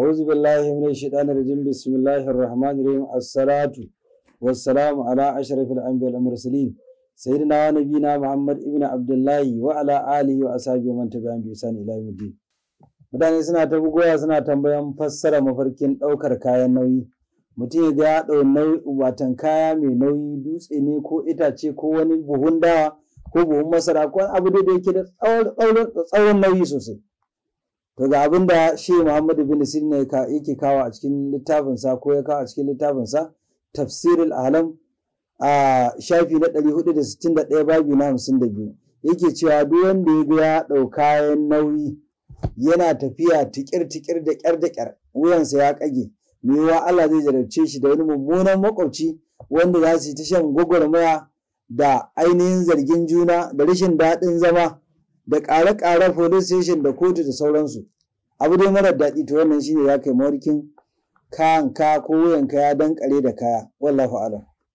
أعوذ بالله من الشيطان الرجيم بسم الله الرحمن الرحيم الصلاة والسلام على أشرف الأنبياء والمرسلين سيدنا ونبينا محمد ابن عبد الله وعلى آله وأصحابه ومن تبعهم بإحسان إلى يوم الدين mutane suna ta bugowa suna tambayan fassara mafarkin ɗaukar kayan nauyi mutum ya ga ya ɗau watan kaya mai nauyi dutse ne ko itace ko wani buhun dawa ko buhun masara ko abu da yake da tsaurin nauyi sosai to ga abin da shi muhammadu bin ka yake kawo a cikin littafinsa ko ya kawo a cikin sa tafsirul alam a shafi na 461 babu na 52 yake cewa duk wanda ya ga ya yan nauyi yana tafiya tikir-tikir da ƙyar da ƙyar wuyansa ya ƙage wa Allah zai jarabce shi da wani mummunan makwabci wanda za su yi ta shan gwagwarmaya da ainihin zargin juna da rashin daɗin zama da ƙare-ƙaren police station da kotu da sauransu abu dai marar daɗi to wannan shine ya kai mawarkin kayan ka ko wuyan ka ya dankare da kaya wallahu alam